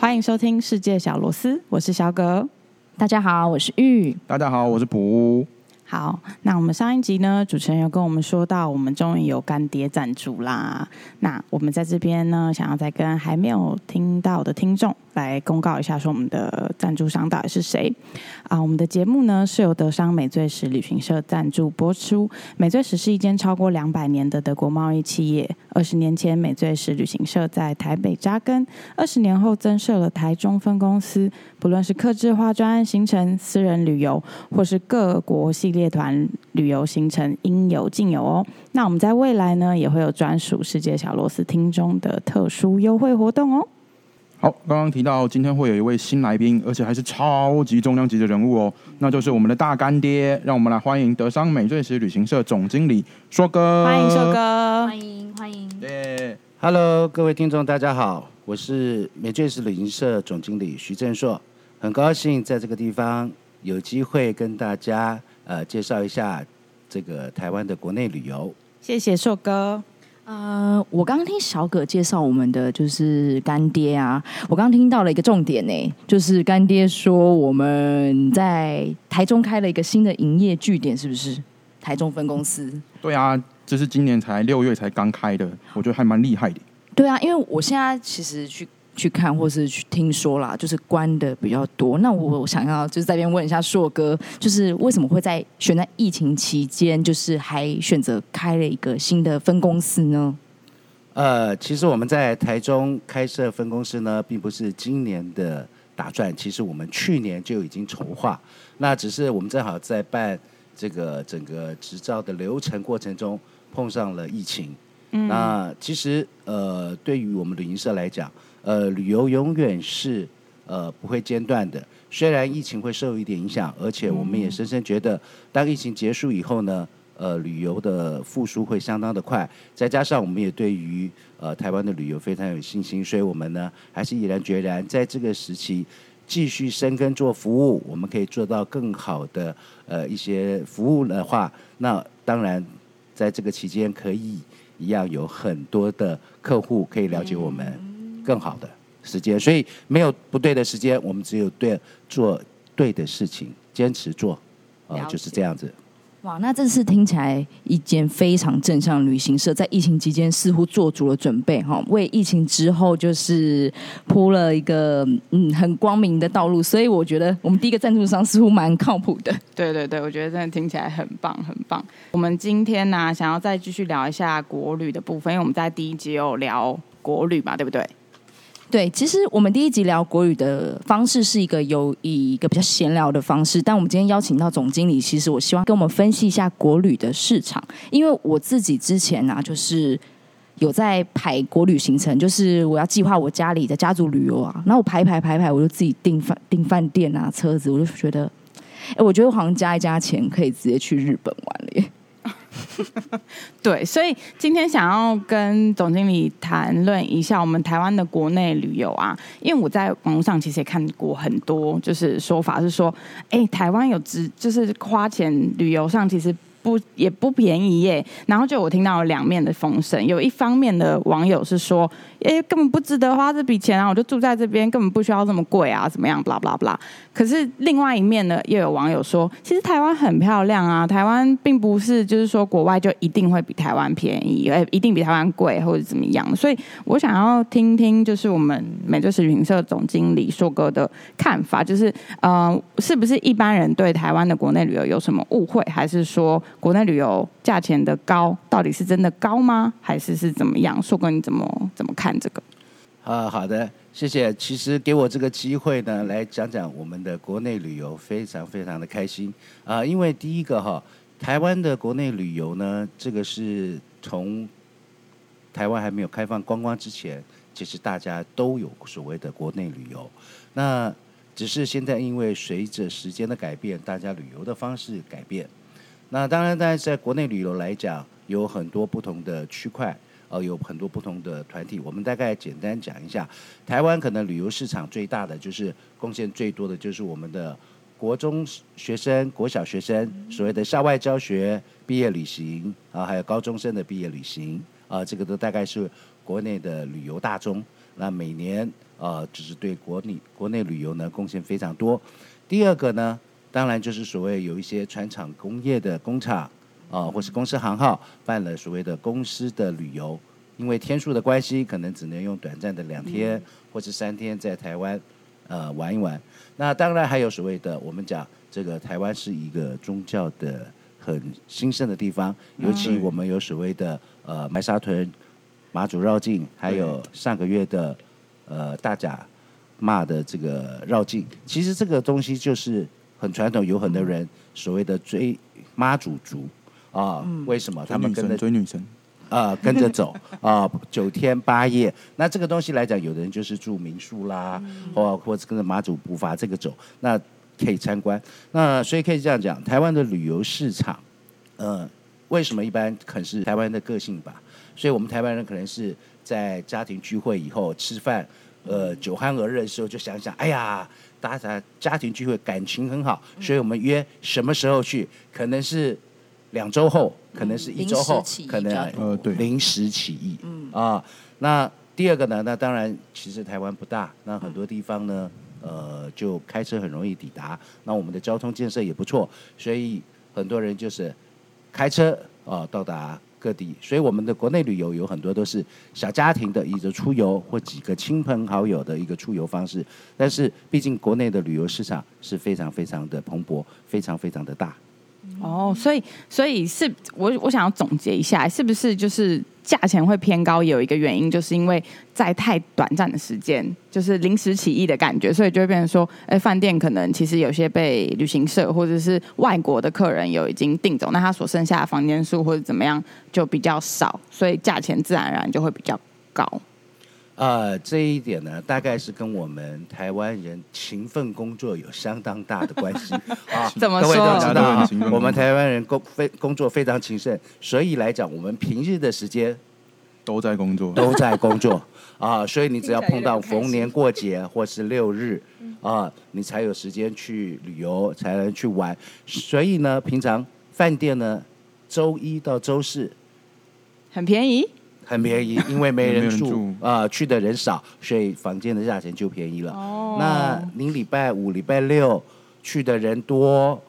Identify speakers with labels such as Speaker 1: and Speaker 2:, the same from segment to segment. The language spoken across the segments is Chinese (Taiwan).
Speaker 1: 歡迎收聽《世界小螺絲》，我是小格。大家好，我是玉。大家好，我是卜。好，那我們上一集呢，主持人有跟我們說到，我們終於有乾爹贊助啦。那我們在這邊呢，想要再跟還沒有聽到的聽眾。來公告一下，說我們的贊助商到底是誰？啊，我們的節目呢是由德商美最時旅行社贊助播出。美最時是一間超過兩百年的德國貿易企業。二十年前，美最時旅行社在台北扎根；二十年後，增設了台中分公司。不論是客制化專案行程、私人旅遊，或是各國系列團旅遊行程，應有盡有哦。那我們在未來呢，也會有專屬世界小螺絲聽眾的特殊優惠活動哦。
Speaker 2: 好，剛剛提到今天會有一位新來賓，而且還是超級重量級的人物哦，那就是我們的大乾爹，讓我們來歡迎德商美最時旅行社總經理碩哥。歡迎碩哥，歡迎歡迎。對，Hello，各位聽眾，大家好，我是美最時旅行社總
Speaker 3: 經理徐正碩，很高興在這個地方有機會跟大家，呃，介紹一下這個台灣的國內旅遊。
Speaker 1: 謝謝碩哥。
Speaker 4: 呃，我剛剛聽小葛介紹我們的就是乾爹啊，我剛剛聽到了一個重點呢、欸，就是乾爹說我們在台中開了一個新的營業據點，是不是？台中分公司。
Speaker 2: 對啊，這是今年才六月才剛開的，我覺得還蠻厲害的。
Speaker 4: 對啊，因為我現在其實去。去看或是去聽說啦，就是關的比較多。那我想要就是這邊問一下碩哥，就是為什麼會在選在疫情期間，就是還選擇開了一個新的分公司呢？
Speaker 3: 呃，其實我們在台中開設分公司呢，並不是今年的打算。其實我們去年就已經籌劃，那只是我們正好在辦這個整個執照的流程過程中碰上了疫情。嗯，那其實呃，對於我們旅行社來講。呃，旅遊永遠是呃不會間斷的，雖然疫情會受一點影響，而且我們也深深覺得，當疫情結束以後呢，呃，旅遊的復甦會相當的快。再加上我們也對於呃台灣的旅遊非常有信心，所以我們呢還是毅然決然在這個時期繼續深耕做服務，我們可以做到更好的呃一些服務的話，那當然在這個期間可以一樣有很多的客戶可以了解我們。嗯更好的時間，所以沒有不對的時間，我們只有對做對的事情，堅持做，哦，就是這樣子。
Speaker 4: 哇，那這次聽起來一間非常正向旅行社，在疫情期間似乎做足了準備哈，哦，為疫情之後就是鋪了一個嗯很光明的道路，所以我覺得我們第一個贊助商似乎蠻靠譜的。
Speaker 1: 對對對，我覺得真的聽起來很棒很棒。我們今天呢，啊，想要再繼續聊一下國旅的部分，因為我們在第一集有聊國旅嘛，對不對？
Speaker 4: 對，其實我們第一集聊國旅的方式是一個有以一個比較閒聊的方式，但我們今天邀請到總經理，其實我希望跟我們分析一下國旅的市場，因為我自己之前啊，就是有在排國旅行程，就是我要計劃我家裡的家族旅遊啊，然後我排排排排，我就自己訂飯訂飯店啊，車子，我就覺得，哎、欸，我覺得好像加一加錢可以直接去日本玩了耶。
Speaker 1: 對，所以今天想要跟總經理談論一下我們台灣的國內旅遊啊，因為我在網上其實也看過很多，就是說法是說，哎、欸，台灣有值，就是花錢旅遊上其實。不也不便宜耶，欸，然後就我聽到了兩面的風聲，有一方面的網友是說，哎、欸，根本不值得花這筆錢啊，我就住在這邊，根本不需要這麼貴啊，怎麼樣，blah blah blah。可是另外一面呢，又有網友說，其實台灣很漂亮啊，台灣並不是就是說國外就一定會比台灣便宜，哎、欸，一定比台灣貴或者怎麼樣。所以我想要聽聽，就是我們美洲旅行社總經理碩哥的看法，就是，呃，是不是一般人對台灣的國內旅遊有什麼誤會，還是說？國內旅遊價錢的高，到底是真的高嗎？還是是怎麼樣？碩哥，你怎麼怎麼看這個？
Speaker 3: 啊，好的，謝謝。其實給我這個機會呢，來講講我們的國內旅遊，非常非常的開心啊。因為第一個哈，台灣的國內旅遊呢，這個是從台灣還沒有開放觀光之前，其實大家都有所謂的國內旅遊，那只是現在因為隨着時間的改變，大家旅遊的方式改變。那當然，在在國內旅遊來講，有很多不同的區塊，呃，有很多不同的團體。我們大概簡單講一下，台灣可能旅遊市場最大的，就是貢獻最多的，就是我們的國中學生、國小學生，所謂的校外教學、畢業旅行，啊，還有高中生的畢業旅行，啊，這個都大概是國內的旅遊大宗。那每年，呃，啊，就是對國內國內旅遊呢貢獻非常多。第二個呢？當然，就是所謂有一些傳產工業的工廠，啊、呃，或是公司行號辦了所謂的公司的旅遊，因為天數的關係，可能只能用短暫的兩天、嗯、或者三天在台灣，呃，玩一玩。那當然還有所謂的我們講這個台灣是一個宗教的很興盛的地方，嗯、尤其我們有所謂的呃白沙屯、媽祖繞境，還有上個月的呃大甲媽的這個繞境，其實這個東西就是。很傳統，有很多人所謂的追媽祖族啊、呃嗯，為什麼他們跟着追女神啊、呃，跟着走啊、 呃，九天八夜。那這個東西來講，有的人就是住民宿啦，嗯、或或者跟着媽祖步伐這個走，那可以參觀。那所以可以這樣講，台灣的旅遊市場，呃，為什麼一般可能是台灣的個性吧？所以我們台灣人可能是在家庭聚會以後吃飯，呃，酒酣耳熱的時候就想想，哎呀。大家家庭聚會感情很好，所以我們約什麼時候去？可能是兩週後，可能是一週後，可、嗯、能臨時起意、呃。嗯啊、呃，那第二個呢？那當然，其實台灣不大，那很多地方呢、嗯，呃，就開車很容易抵達。那我們的交通建設也不錯，所以很多人就是開車啊、呃、到達。各地，所以我們的國內旅遊有很多都是小家庭的一個出遊，或幾個親朋好友的一個出遊方式。但是，畢竟國內的旅遊市場是非常非常的蓬勃，非常非常的大。
Speaker 1: 哦，所以所以是我我想要總結一下，是不是就是價錢會偏高，有一個原因，就是因為在太短暫的時間，就是臨時起意的感覺，所以就會變成說，哎、欸，飯店可能其實有些被旅行社或者是外國的客人有已經訂走，那他所剩下的房間數或者怎麼樣就比較少，所以價錢自然而然就會比較高。
Speaker 3: 呃，這一點呢，大概是跟我們台灣人勤奮工作有相當大的關係啊麼。各位都知道、啊都，我們台灣人工非工作非常勤奮，所以來講，我們平日的時間都在工作，都在工作 啊。所以你只要碰到逢年過節或是六日啊，你才有時間去旅遊，才能去玩。所以呢，平常飯店呢，周一到周四很便宜。很便宜，因為沒人住，啊、呃，去的人少，所以房間的價錢就便宜了。Oh. 那您禮拜五、禮拜六去的人多，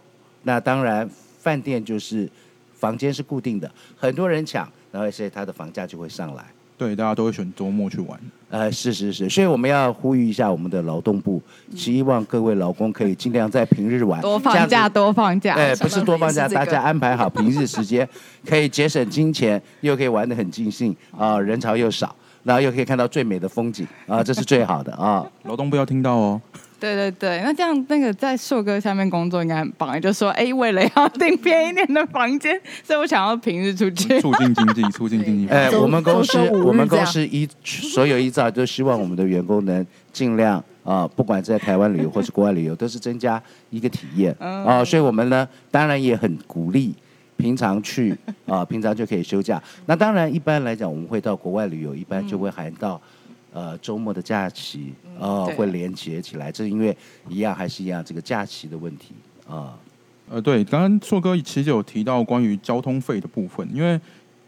Speaker 3: 那當然飯店就是房間是固定的，很多人搶，然後所以它的房價就會上來。對，大家都會選周末去玩。呃，是是是，所以我們要呼籲一下我們的勞動部，嗯、希望各位勞工可以儘量在平日玩，多放假，
Speaker 1: 多放假。哎，不是多放假，這個，
Speaker 3: 大家安排好平日時間， 可以節省金錢，又可以玩的很盡興啊、呃，人潮又少，然後又可以看到最美的風景啊、呃，這是最好的啊、呃。
Speaker 2: 勞動部要聽到哦。
Speaker 1: 對對對，那這樣那個在碩哥下面工作應該很棒。你就說哎、欸，為了要訂便宜點的房間，所以我想要平日出去促進
Speaker 2: 經濟，促進經濟。哎、欸，我們公司
Speaker 1: 我們公司
Speaker 3: 一、嗯、所有一早就希望我們的員工能盡量啊、呃，不管在台灣旅遊或是國外旅遊， 都是增加一個體驗啊、呃。所以我們呢，當然也很鼓勵平常去啊、呃，平常就可以休假。那當然一般來講，我們會到國外旅遊，一般就會含到、嗯。嗯呃，週末的假期呃、嗯哦啊、會連接起來，
Speaker 2: 這是因為一樣還是一樣，這個假期的問題啊、哦。呃，對，剛剛碩哥其實有提到關於交通費的部分，因為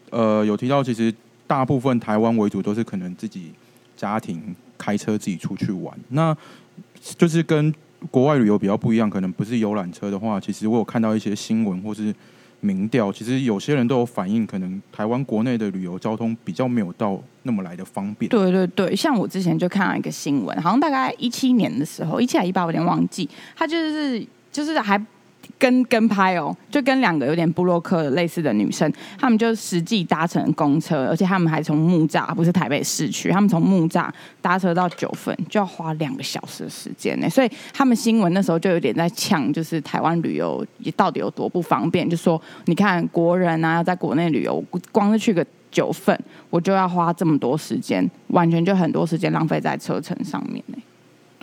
Speaker 2: 呃有提到，其實大部分台灣為主都是可能自己家庭開車自己出去玩，那就是跟國外旅遊比較不一樣，可能不是遊覽車的話，其實我有看到一些新聞或是。民調其實有些人都有反映，可能台灣國內的旅遊交通比較沒有到那麼來的方便。
Speaker 1: 對對對，像我之前就看到一個新聞，好像大概一七年的時候，一七還一八，我有點忘記，他就是就是還。跟跟拍哦，就跟兩個有點部落客類似的女生，她們就實際搭乘公車，而且她們還從木柵，不是台北市區，她們從木柵搭車到九份，就要花兩個小時的時間呢。所以他們新聞那時候就有點在嗆，就是台灣旅遊也到底有多不方便，就說你看國人啊，要在國內旅遊，光是去個九份，我就要花這麼多時間，完全就很多時間浪費在車程上面。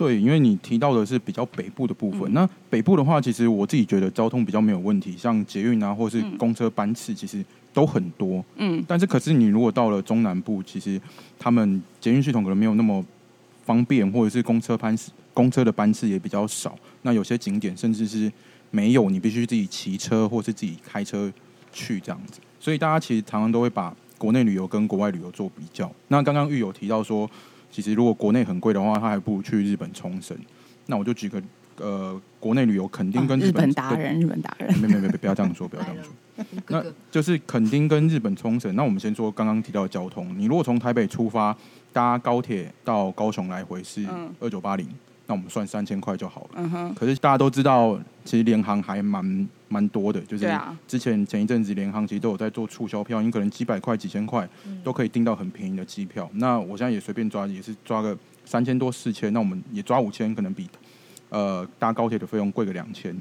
Speaker 2: 對，因為你提到的是比較北部的部分，嗯。那北部的話，其實我自己覺得交通比較沒有問題，像捷運啊，或者是公車班次，嗯，其實都很多。嗯，但是可是你如果到了中南部，其實他們捷運系統可能沒有那麼方便，或者是公車班次，公車的班次也比較少。那有些景點甚至是沒有，你必須自己騎車或是自己開車去這樣子。所以大家其實常常都會把國內旅遊跟國外旅遊做比較。那剛剛玉友提到說，其實如果國內很貴的話，他還不如去日本沖繩。那我就舉個呃，國內旅遊墾丁跟日本，哦、日本達人、日本達人。沒沒沒，不要這樣說，不要這樣說。 那就是墾丁跟日本沖繩。那我們先說剛剛提到的交通，你如果從台北出發搭高鐵到高雄來回是二九八零。那我們算三千塊就好了。嗯、可是大家都知道，其實聯航還蠻蠻多的，就是之前、啊、前一陣子聯航其實都有在做促銷票，你可能幾百塊、幾千塊都可以訂到很便宜的機票、嗯。那我現在也隨便抓，也是抓個三千多、四千，那我們也抓五千，可能比呃搭高鐵的費用貴個兩千。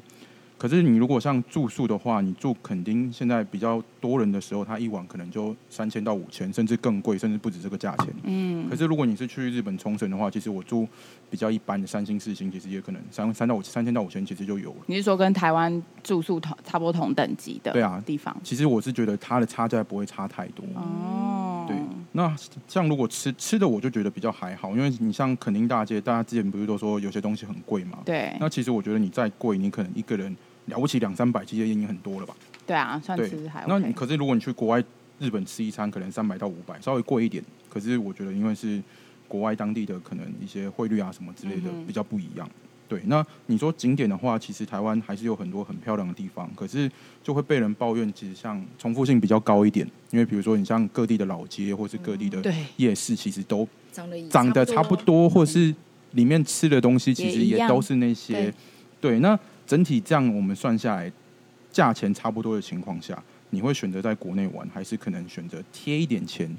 Speaker 2: 可是你如果像住宿的話，你住墾丁現在比較多人的時候，它一晚可能就三千到五千，甚至更貴，甚至不止這個價錢。嗯。可是如果你是去日本沖繩的話，其實我住比較一般的三星四星，其實也可能三三到五三千到五千，其實就有了。
Speaker 1: 你是說跟台灣住宿同差不多同等級的對啊地方？其
Speaker 2: 實我是覺得它的差價不會差太多哦。對。那像如果吃吃的，我就覺得比較還好，因為你像墾丁大街，大家之前不是都說有些東西很貴嘛？對。那其實我覺得你再貴，你可能一個人。了不起兩三百，其實已經很多了吧？
Speaker 1: 對啊，算是還、
Speaker 2: OK。那可是如果你去國外，日本吃一餐可能三百到五百，稍微貴一點。可是我覺得，因為是國外當地的，可能一些匯率啊什麼之類的、嗯、比較不一樣。對，那你說景點的話，其實台灣還是有很多很漂亮的地方，可是就會被人抱怨，其實像重複性比較高一點。因為比如說你像各地的老街，或是各地的夜市，嗯、其實都長得差不多，差不多、哦，或是裡面吃的東西、嗯、其實也都是那些。對，對，那。整體這樣，我們算下來，價錢差不多的情況下，你會選擇在國內玩，還是可能選擇貼一點錢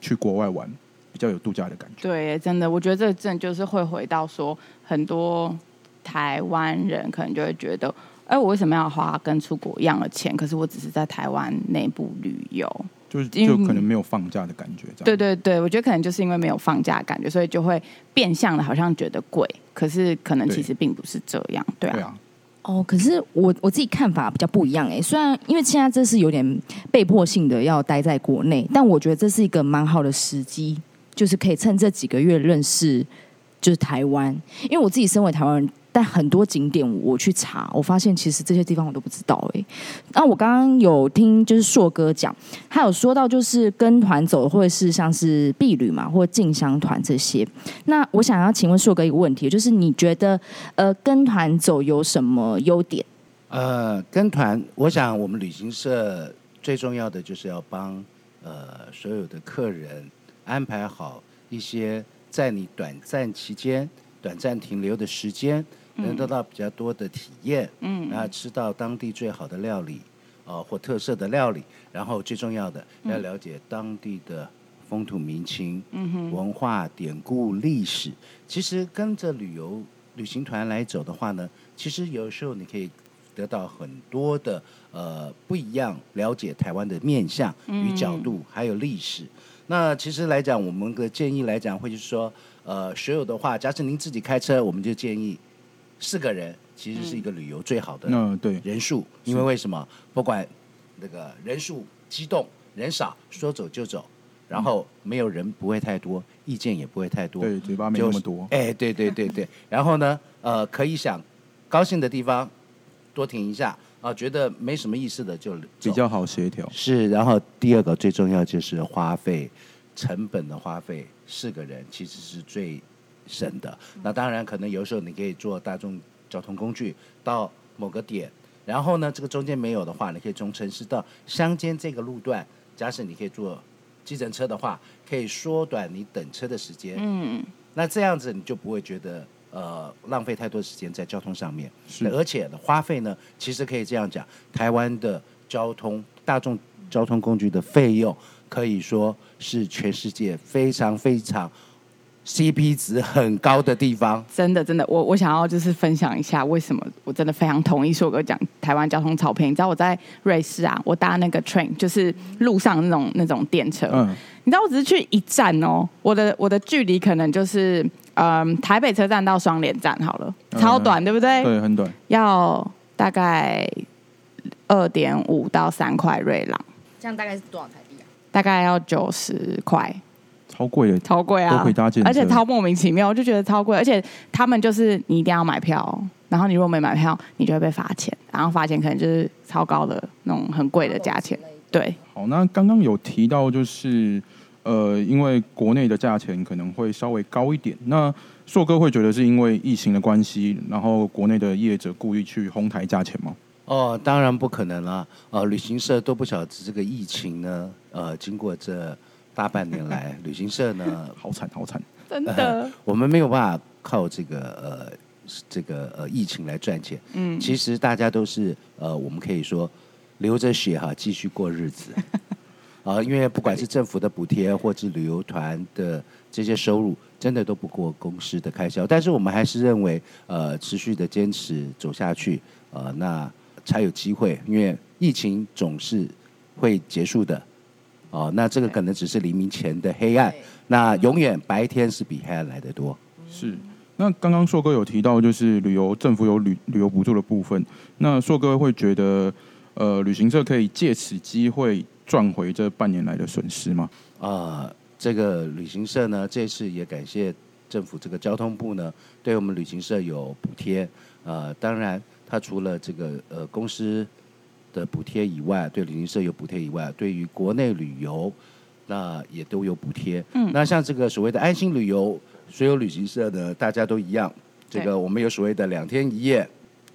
Speaker 2: 去國外玩，比較有度假的感
Speaker 1: 覺？對，真的，我覺得這真的就是會回到說，很多台灣人可能就會覺得，哎、欸，我為什麼要花跟出國一樣的錢？可是我只是在台灣內部旅
Speaker 2: 遊，就是就可能沒有放假的感覺。對
Speaker 1: 對對，我覺得可能就是因為沒有放假的感覺，所以就會變相的，好像覺得貴，可是可能其實並不是這樣，對啊。對啊
Speaker 4: 哦，可是我我自己看法比較不一樣誒、欸，雖然因為現在這是有點被迫性的要待在國內，但我覺得這是一個蠻好的時機，就是可以趁這幾個月認識就是台灣，因為我自己身為台灣人。但很多景點我去查，我發現其實這些地方我都不知道哎、欸。那、啊、我剛剛有聽就是碩哥講，他有說到就是跟團走或者是像是畢旅嘛，或進香團這些。那我想要請問碩哥一個問題，就是你覺得呃跟團走有什麼優點？
Speaker 3: 呃，跟團，我想我們旅行社最重要的就是要幫呃所有的客人安排好一些在你短暫期間短暫停留的時間。能得到比較多的體驗，嗯，然後吃到當地最好的料理，啊、嗯呃，或特色的料理，然後最重要的要了解當地的風土民情，嗯，文化典故、歷史、嗯。其實跟着旅遊旅行團來走的話呢，其實有時候你可以得到很多的呃不一樣了解台灣的面向與角度、嗯，還有歷史。那其實來講，我們的建議來講會就是說，呃，所有的話，假設您自己開車，我們就建議。四個人其實是一個旅遊最好的人數、嗯，對，因為為什麼？不管那個人數激動人少，說走就走，然後沒有人不會太多，嗯、意見也不會太多，對，嘴巴沒有那麼多。哎、欸，對，對對對對。然後呢，呃，可以想高興的地方多停一下啊、呃，覺得沒什麼意思的就比較好協調。是，然後第二個最重要就是花費成本的花費，四個人其實是最。省的，那當然可能有時候你可以坐大眾交通工具到某個點，然後呢，這個中間沒有的話，你可以從城市到鄉間這個路段，假使你可以坐計程車的話，可以縮短你等車的時間。嗯嗯，那這樣子你就不會覺得呃浪費太多時間在交通上面，是，而且花費呢，其實可以這樣講，台灣的交通大眾交通工具的費用可以說是全世界非常非常。CP 值很高的地方，真的真的，我
Speaker 1: 我想要就是分享一下為什麼，我真的非常同意碩哥講台灣交通超平。你知道我在瑞士啊，我搭那個 train，就是路上那種那種電車、嗯，你知道我只是去一站哦、喔，我的我的距離可能就是嗯、呃、台北車站到雙連站好了，超短、嗯、對不對？對，很短，要大概二點五到三塊瑞郎，這樣大概是多少台幣啊？大概要九十塊。
Speaker 2: 超貴的，超貴啊！而且超莫
Speaker 1: 名其妙，我就覺得超貴，而且他們就是你一定要買票，然後你如果沒買票，你就會被罰錢，然後罰錢可能就是超高的那種很貴的價錢、啊。
Speaker 2: 對，好，那剛剛有提到就是呃，因為國內的價錢可能會稍微高一點，那碩哥會覺得是因為疫情的關係，然後國內的業者故意去哄抬價錢嗎？
Speaker 3: 哦，當然不可能了、啊，呃，旅行社都不曉得這個疫情呢，呃，經過這。大半年來， 旅行社呢，好慘，好慘，真的，呃、我們沒有辦法靠這個呃這個呃疫情來賺錢。嗯，其實大家都是呃，我們可以說流着血哈，繼續過日子。啊、 呃，因為不管是政府的補貼，或是旅遊團的這些收入，真的都不過公司的開銷。但是我們還是認為，呃，持續的堅持走下去，呃，那才有機會。因為疫情總是會結束的。哦，那這個可能只是黎明前的黑暗，那永遠白天是比黑暗
Speaker 2: 來得多。是，那剛剛碩哥有提到，就是旅遊政府有旅旅遊補助的部分，那碩哥會覺得，呃，旅行社可以借此機會賺回這半年來的損失嗎？啊、呃，
Speaker 3: 這個旅行社呢，這次也感謝政府這個交通部呢，對我們旅行社有補貼。呃、當然，他除了這個呃公司。的補貼以外，對旅行社有補貼以外，對於國內旅遊，那、呃、也都有補貼、嗯。那像這個所謂的安心旅遊，所有旅行社的大家都一樣。這個我們有所謂的兩天一夜，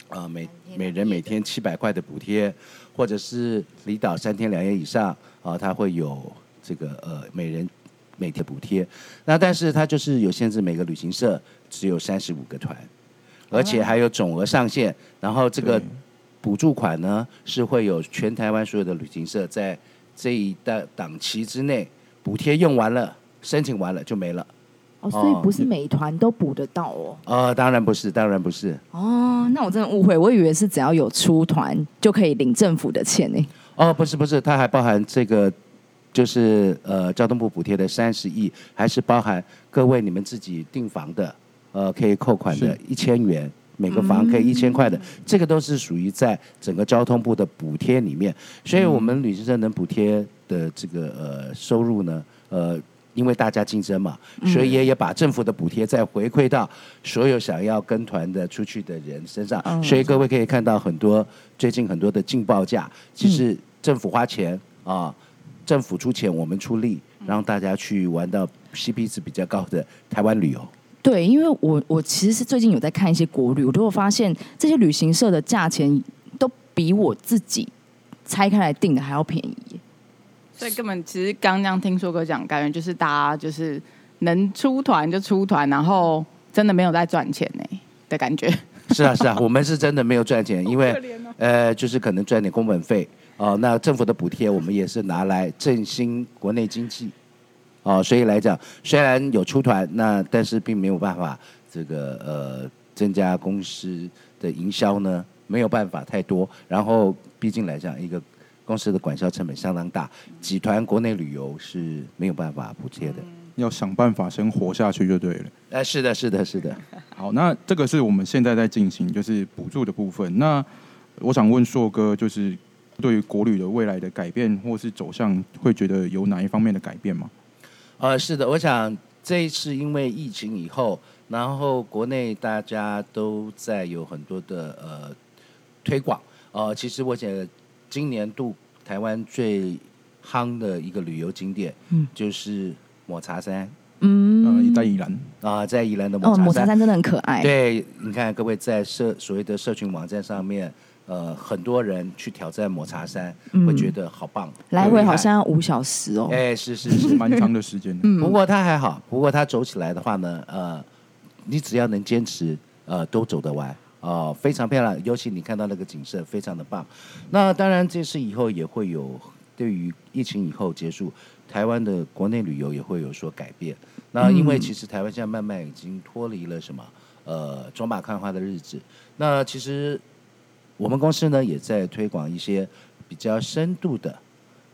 Speaker 3: 啊、呃，每每人每天七百塊的補貼，或者是離島三天兩夜以上，啊、呃，它會有這個呃每人每天補貼。那但是它就是有限制，每個旅行社只有三十五個團，而且還有總額上限。Okay. 然後這個。補助款呢，是會有全台灣所有的旅行社在這一段檔期之內，補貼用完了，申請完了就沒了哦，所以不是
Speaker 4: 每一團都補得到
Speaker 3: 哦。哦，當然不是，當然不是。
Speaker 4: 哦，那我真的誤會，我以為是只要有出團就可以領政府的錢呢。
Speaker 3: 哦，不是不是，它還包含這個就是呃交通部補貼的三十億，還是包含各位你們自己訂房的呃可以扣款的一千元。每個房可以一千塊的、嗯，這個都是屬於在整個交通部的補貼裡面，所以我們旅行社能補貼的這個呃收入呢，呃，因為大家競爭嘛，所以也也把政府的補貼再回饋到所有想要跟團的出去的人身上，嗯、所以各位可以看到很多、嗯、最近很多的勁爆價，其實政府花錢啊、呃，政府出錢，我們出力，讓大家去玩到 CP 值比較高的台灣旅遊。
Speaker 4: 對，因為我我其實是最近有在看一些國旅，我都會發現這些旅行社的價錢都比我自己拆開來訂的還要便宜，
Speaker 1: 所以根本其實剛剛聽說哥講，感覺就是大家就是能出團就出團，然後真的沒有在賺錢呢的感覺。
Speaker 3: 是啊，是啊，我們是真的沒有賺錢， 因為、啊、呃，就是可能賺點工本費哦，那政府的補貼我們也是拿來振興國內經濟。哦，所以來講，雖然有出團，那但是並沒有辦法，這個呃增加公司的營銷呢，沒有辦法太多。然後，畢竟來講，一個公司的管銷成本相當大，集團國內旅遊是沒有辦法補貼
Speaker 2: 的。要想辦法先活下去就對了。哎、呃，是的，是的，是的。好，那這個是我們現在在進行，就是補助的部分。那我想問碩哥，就是對於國旅的未來的改變或是走向，會覺得有哪一方面的改變嗎？
Speaker 3: 呃，是的，我想這一次因為疫情以後，然後國內大家都在有很多的呃推廣。呃，其實我想，今年度台灣最夯的一個旅遊景點，嗯，就是抹茶山，
Speaker 4: 嗯，在
Speaker 3: 宜蘭，啊、呃，在宜蘭的抹茶山，哦，抹茶山
Speaker 4: 真的很可愛。對，
Speaker 3: 你看各位在社所謂的社群網站上面。呃、很多人去挑戰抹茶山、嗯、會覺得好棒，嗯、來回好像要五小時哦。哎、欸，是是是，蠻長的時間、 嗯。不過他還好，不過他走起來的話呢，呃，你只要能堅持，呃，都走得完、呃。非常漂亮，尤其你看到那個景色，非常的棒。嗯、那當然，這次以後也會有，對於疫情以後結束，台灣的國內旅遊也會有所改變。嗯、那因為其實台灣現在慢慢已經脫離了什麼，呃，走馬看花的日子。那其實。我們公司呢，也在推廣一些比較深度的、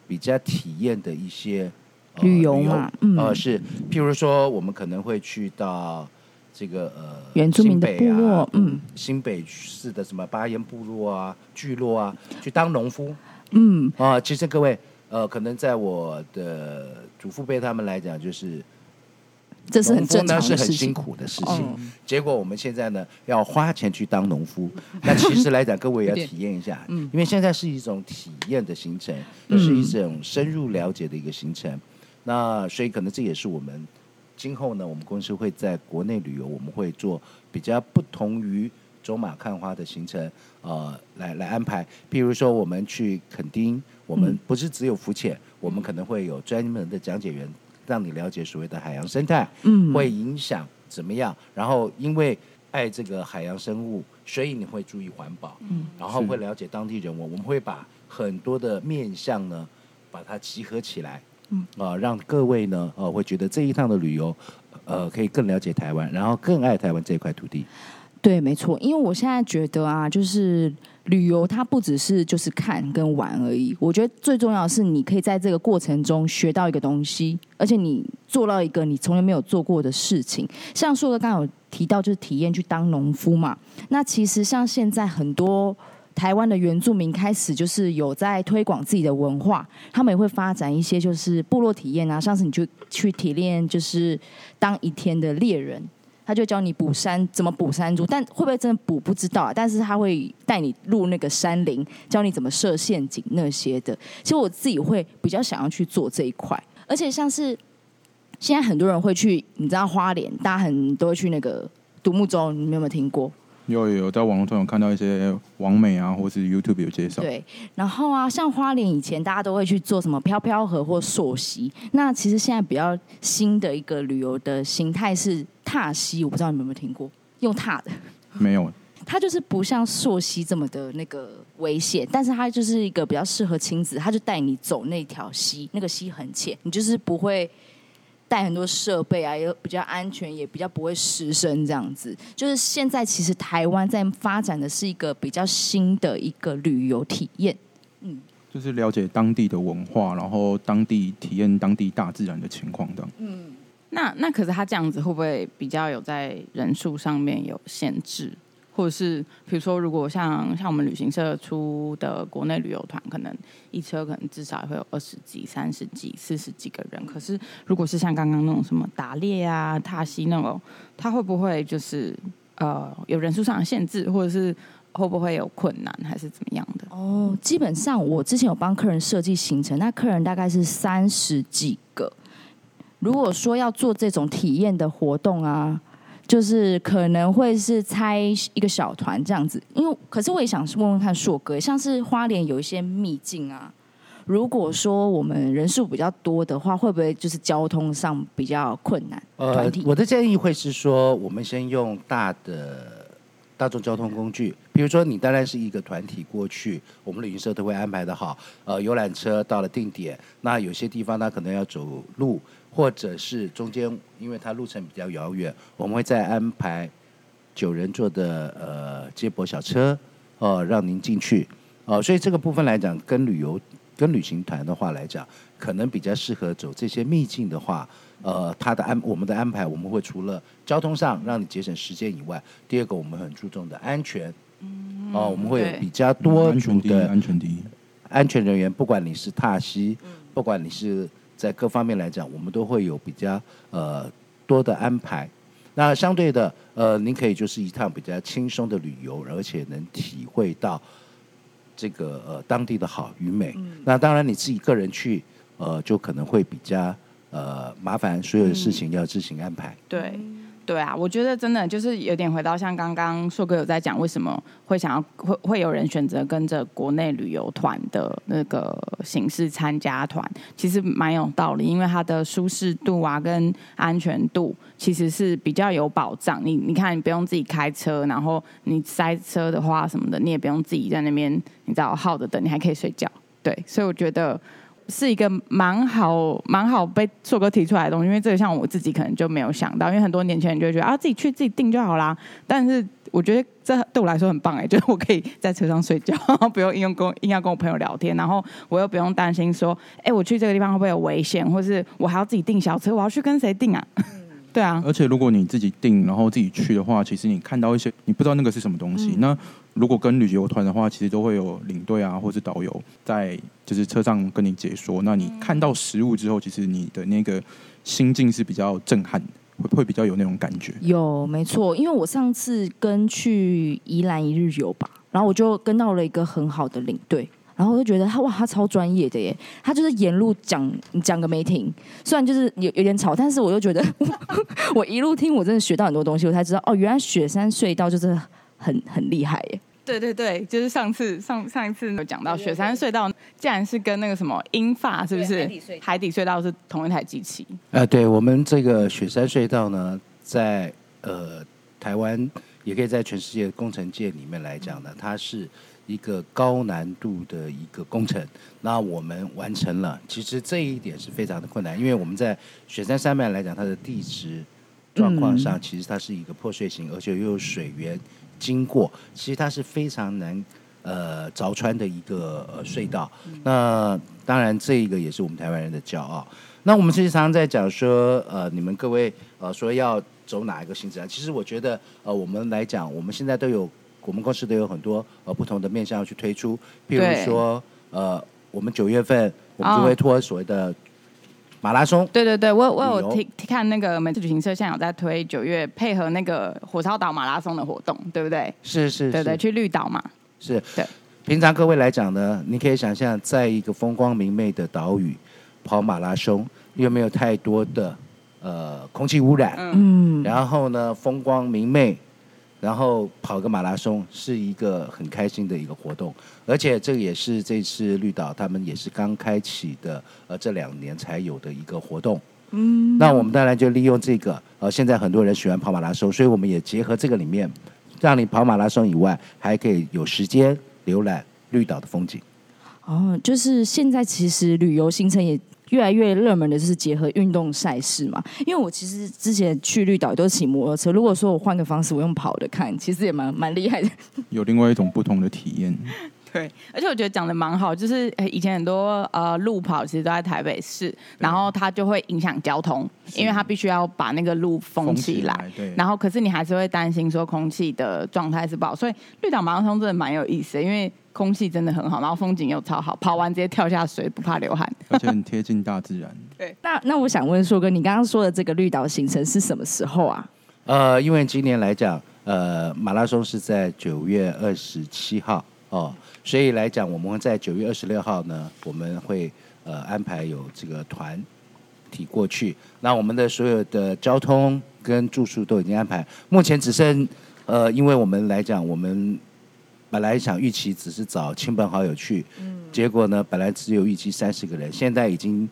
Speaker 3: 比較體驗的一些、呃、旅遊嘛、啊呃，嗯，是，譬如說，我們可能會去到這個呃原住民的，新北啊，嗯，新北市的什麼巴燕部落啊、聚落啊，去當農夫，嗯，啊、呃，其實各位，呃，可能在我的祖父輩他們來講，就是。這是很正常的，農夫呢是很辛苦的事情，嗯、結果我們現在呢要花錢去當農夫、嗯。那其實來講，各位也要體驗一下一，因為現在是一種體驗的行程，嗯就是一種深入了解的一個行程。嗯、那所以可能這也是我們今後呢，我們公司會在國內旅遊，我們會做比較不同於走馬看花的行程，呃，來來安排。比如說我們去墾丁，我們不是只有浮潛、嗯，我們可能會有專門的講解員。讓你了解所謂的海洋生態，嗯，會影響怎麼樣、嗯。然後因為愛這個海洋生物，所以你會注意環保，嗯，然後會了解當地人文。我們會把很多的面向呢，把它集合起來，嗯啊、呃，讓各位呢，呃，會覺得這一趟的旅遊，呃，可以更了解台灣，然後更愛台灣這塊土地。
Speaker 4: 對，沒錯，因為我現在覺得啊，就是。旅遊它不只是就是看跟玩而已，我覺得最重要的是你可以在這個過程中學到一個東西，而且你做到一個你從來沒有做過的事情。像說的剛剛有提到，就是體驗去當農夫嘛。那其實像現在很多台灣的原住民開始就是有在推廣自己的文化，他們也會發展一些就是部落體驗啊。上次你就去，去體驗就是當一天的獵人。他就教你捕山，怎麼捕山豬，但會不會真的捕不知道啊。但是他會帶你入那個山林，教你怎麼設陷阱那些的。其實我自己會比較想要去做這一塊，而且像是現在很多人會去，你知道花蓮，大家很都會去那個
Speaker 2: 獨木舟，你們有沒有聽過？有有，有，在網絡上有看到一些網美啊，或是 YouTube 有介紹。對，
Speaker 4: 然後啊，像花蓮以前大家都會去做什麼漂漂河或溯溪，那其實現在比較新的一個旅遊的形態是踏溪，我不知道你有沒有聽過，用踏的。沒有。它就是不像溯溪這麼的那個危險，但是它就是一個比較適合親子，他就帶你走那條溪，那個溪很淺，你就是不會。帶很多設備啊，也比較安全，也比較不會失身，這樣子。就是現在，其實台灣在發展的是一個比較新的一個旅遊體驗，嗯，
Speaker 2: 就是了解當地的文化，然後當地體驗當地大自然的情況這樣。
Speaker 1: 嗯，那那可是他這樣子會不會比較有在人數上面有限制？或者是，比如說，如果像像我們旅行社出的國內旅遊團，可能一車可能至少會有二十幾、三十幾、四十幾個人。可是，如果是像剛剛那種什麼打獵啊、踏溪那種，它會不會就是呃有人數上的限制，或者是會不會有困難，還是怎麼樣的？
Speaker 4: 哦，基本上我之前有幫客人設計行程，那客人大概是三十幾個。如果說要做這種體驗的活動啊。就是可能會是拆一個小團這樣子，因為可是我也想問問看碩哥，像是花蓮有一些秘境啊，如果說我們人數比較多的話，會不會就是交通上比較困難？
Speaker 3: 呃，我的建議會是說，我們先用大的大眾交通工具，比如說你當然是一個團體過去，我們旅行社都會安排得好，呃，遊覽車到了定點，那有些地方它可能要走路，或者是中間，因為它路程比較遙遠，我們會再安排九人座的呃接駁小車哦、呃，讓您進去哦、呃。所以這個部分來講，跟旅遊、跟旅行團的話來講，可能比較適合走這些秘境的話，呃，他的安，我們的安排，我們會除了交通上讓你節省時間以外，第二個我們很注重的安全，嗯，哦、呃，我們會有比較多的安全第一，安全人員，不管你是踏西，不管你是。在各方面來講，我們都會有比較呃多的安排。那相對的，呃，您可以就是一趟比較輕鬆的旅遊，而且能體會到這個呃當地的好與美、嗯。那當然你自己個人去，呃，就可能會比較呃麻煩，所有的事情要自行安排。嗯、
Speaker 1: 對。對啊，我覺得真的就是有點回到像剛剛碩哥有在講，為什麼會想要會會有人選擇跟着國內旅游團的那個形式參加團，其實蠻有道理，因為它的舒適度啊跟安全度其實是比較有保障。你你看，你不用自己開車，然後你塞車的話什麼的，你也不用自己在那邊，你只要耗着等，你還可以睡覺。對，所以我覺得。是一個蠻好、蠻好被碩哥提出來的東西，因為這個像我自己可能就沒有想到，因為很多年輕人就會覺得啊，自己去、自己訂就好啦。但是我覺得這對我來說很棒哎，就是我可以在車上睡覺，不用硬要跟硬要跟我朋友聊天，然後我又不用擔心說，哎，我去這個地方會不會有危險，或是我還要自己訂小車，我要去跟誰訂啊？對啊，
Speaker 2: 而且如果你自己訂然後自己去的話，其實你看到一些你不知道那個是什麼東西、嗯、那。如果跟旅遊團的話，其實都會有領隊啊，或是導遊在，就是車上跟你解說。那你看到實物之後，其實你的那個心境是比較震撼，會不會比較有那種感覺？
Speaker 4: 有，沒錯，因為我上次跟去宜蘭一日遊吧，然後我就跟到了一個很好的領隊，然後我就覺得他哇，他超專業的耶，他就是沿路講講個沒停，雖然就是有有點吵，但是我就覺得 我一路聽，我真的學到很多東西，我才知道哦，原來雪山隧道就是。很很厲害耶！
Speaker 1: 對對對，就是上次上上一次有講到雪山隧道，嗯、竟然是跟那個什麼英法是不是海底，海底隧道是同一台機器？
Speaker 3: 呃，對我們這個雪山隧道呢，在呃台灣，也可以在全世界工程界裡面來講呢，它是一個高難度的一個工程。那我們完成了，其實這一點是非常的困難，因為我們在雪山山脈來講，它的地質狀況上、嗯、其實它是一個破碎型，而且又有水源。經過，其實它是非常難呃鑿穿的一個、呃、隧道。嗯嗯、那當然，這一個也是我們台灣人的驕傲。那我們其實常常在講說，呃，你們各位呃說要走哪一個行程啊？其實我覺得，呃，我們來講，我們現在都有，我們公司都有很多呃不同的面向去推出，
Speaker 2: 譬如說，
Speaker 3: 呃，我們九月份我們就會拖所謂的。哦馬拉松，對對對，我我有
Speaker 1: 聽看那個每次旅行社現在有在推九月配合那個火燒島馬拉松的活動，對不對？
Speaker 3: 是是，是，對對，去綠島嘛？是對。平常各位來講呢，你可以想象在一個風光明媚的島嶼跑馬拉松，又沒有太多的呃空氣污染，嗯，然後呢風光明媚。然後跑個馬拉松是一個很開心的一個活動，而且這個也是這次綠島他們也是剛開啟的，呃，這兩年才有的一個活動。嗯，那我們當然就利用這個，呃，現在很多人喜歡跑馬拉松，所以我們也結合這個裡面，讓你跑馬拉松以外，還可以有時間瀏覽綠島的風景。
Speaker 4: 哦，就是現在其實旅遊行程也。越來越熱門的就是結合運動賽事嘛，因為我其實之前去綠島都是騎摩托車，如果說我換個方式，我用跑的看，其實也蠻
Speaker 1: 蠻厲害的，
Speaker 2: 有另外一種不同的體驗。
Speaker 1: 對，而且我覺得講的蠻好，就是以前很多呃路跑其實都在台北市，然後它就會影響交通，因為它必須要把那個路封起來，封起來，對。然後可是你還是會擔心說空氣的狀態是不好，所以綠島馬拉松真的蠻有意思，因為空氣真的很好，然後風景又超好，跑完直接跳下水不怕流汗，
Speaker 2: 而且很貼近大自然。 對，
Speaker 1: 那那我想問碩哥，你剛剛說的
Speaker 4: 這個綠島行程是什麼時候啊？
Speaker 3: 呃，因為今年來講，呃，馬拉松是在九月二十七號。哦，所以來講，我們在九月二十六號呢，我們會呃安排有這個團體過去。那我們的所有的交通跟住宿都已經安排，目前只剩呃，因為我們來講，我們本來想預期只是找親朋好友去，嗯，結果呢，本來只有預期三十個人，現在已經。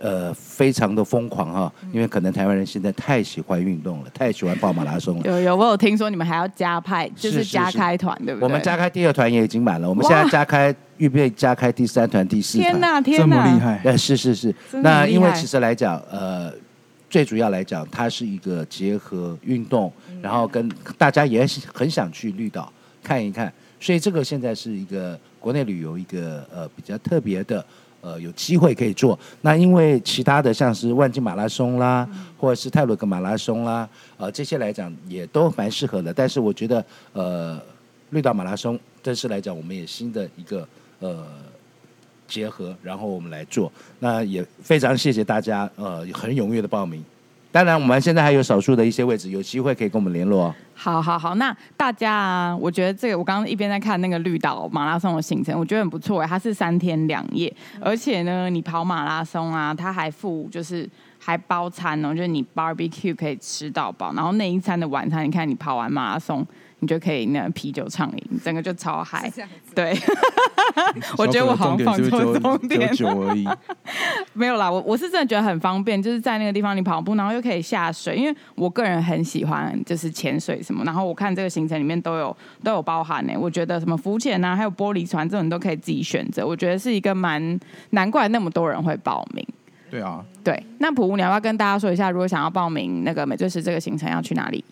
Speaker 3: 呃，非常的瘋狂哈、哦，因為可能台灣人現在太喜歡運動了，嗯、太喜歡跑馬拉松了。
Speaker 1: 有有，我有聽說你們還要加派，就是加開團是是是，對不對？我們加
Speaker 3: 開第二團也已經滿了，我們現在加開預備加開第三團、第四團。天哪，天哪，這麼厲害！哎、嗯，是是是，那因為其實來講，呃，最主要來講，它是一個結合運動，嗯、然後跟大家也很想去綠島看一看，所以這個現在是一個國內旅遊一個呃比較特別的。呃，有機會可以做。那因為其他的像是萬金馬拉松啦，或者是太魯閣馬拉松啦，呃，這些來講也都蠻適合的。但是我覺得，呃，綠道馬拉松，這次來講，我們也新的一個呃結合，然後我們來做。那也非常謝謝大家，呃，很踴躍的報名。當然，我們現在還有少數的一些位置，有機會可以跟我們聯絡哦。
Speaker 1: 好好好，那大家啊，我覺得這個，我剛剛一邊在看那個綠島馬拉松的行程，我覺得很不錯哎，它是三天兩夜，而且呢，你跑馬拉松啊，它還付就是還包餐哦，就是你 barbecue 可以吃到飽，然後那一餐的晚餐，你看你跑完馬拉松。你就可以那啤酒暢飲，整個就超嗨。對，我覺得我好爽，就點酒
Speaker 2: 而
Speaker 1: 已。沒有啦，我我是真的覺得很方便，就是在那個地方你跑步，然後又可以下水，因為我個人很喜歡就是潛水什麼。然後我看這個行程裡面都有都有包含呢、欸。我覺得什麼浮潛啊，還有玻璃船這種都可以自己選擇。我覺得是一個蠻難怪那麼多人會報名。
Speaker 2: 對啊，
Speaker 1: 對。那普吾，你要不要跟大家說一下，如果想要報名那個美最石這個行程要去哪裡？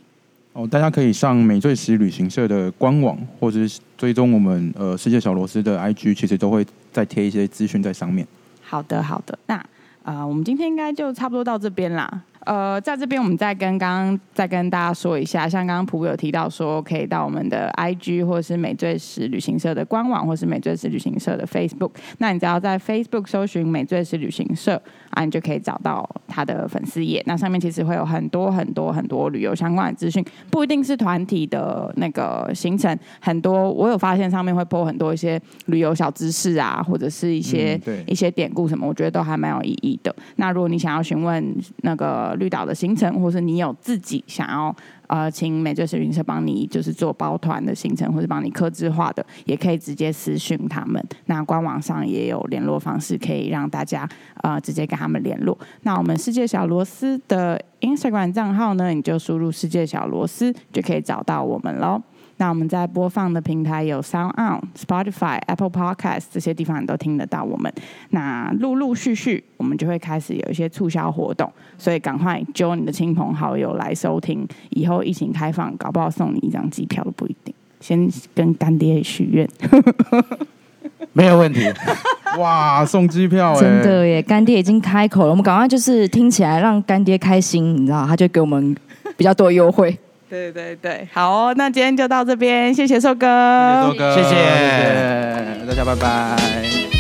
Speaker 2: 哦，大家可以上美最時旅行社的官網，或者是追蹤我們呃世界小螺絲的 IG，其實都會再貼一些資訊在上面。好的，好的，那
Speaker 1: 呃，我們今天應該就差不多到這邊啦。呃，在這邊我們再跟剛剛再跟大家說一下，像剛剛普普有提到說，可以到我們的 IG 或者是美最時旅行社的官網，或是美最時旅行社的 Facebook。那你只要在 Facebook 搜尋美最時旅行社啊，你就可以找到他的粉絲頁。那上面其實會有很多很多很多旅遊相關的資訊，不一定是團體的那個行程。很多我有發現上面會播很多一些旅遊小知識啊，或者是一些、嗯、對一些典故什麼，我覺得都還蠻有意義的。那如果你想要詢問那個。綠島的行程，或是你有自己想要呃，請美最小云社幫你就是做包團的行程，或者幫你客製化的，也可以直接私訊他們。那官網上也有聯絡方式，可以讓大家、呃、直接跟他們聯絡。那我們世界小螺絲的 Instagram 賬號呢，你就輸入“世界小螺絲”就可以找到我們嘍。那我們在播放的平台有 SoundOn、Spotify、Apple Podcast 這些地方，你都聽得到我們。那陸陸續續，我們就會開始有一些促銷活動，所以趕快揪你的親朋好友來收聽。以後疫情開放，搞不好送你一張機票都不一定。先跟乾爹許願，
Speaker 2: 沒有問題。哇，送機票欸，真的
Speaker 4: 耶！乾爹已經開口了，我們趕快就是聽起來讓乾爹開心，你知道，他就給我們比較多優惠。
Speaker 1: 對對對，好哦，那今天就到這邊，謝謝壽哥，謝謝，對對對
Speaker 2: 對，大家，拜拜。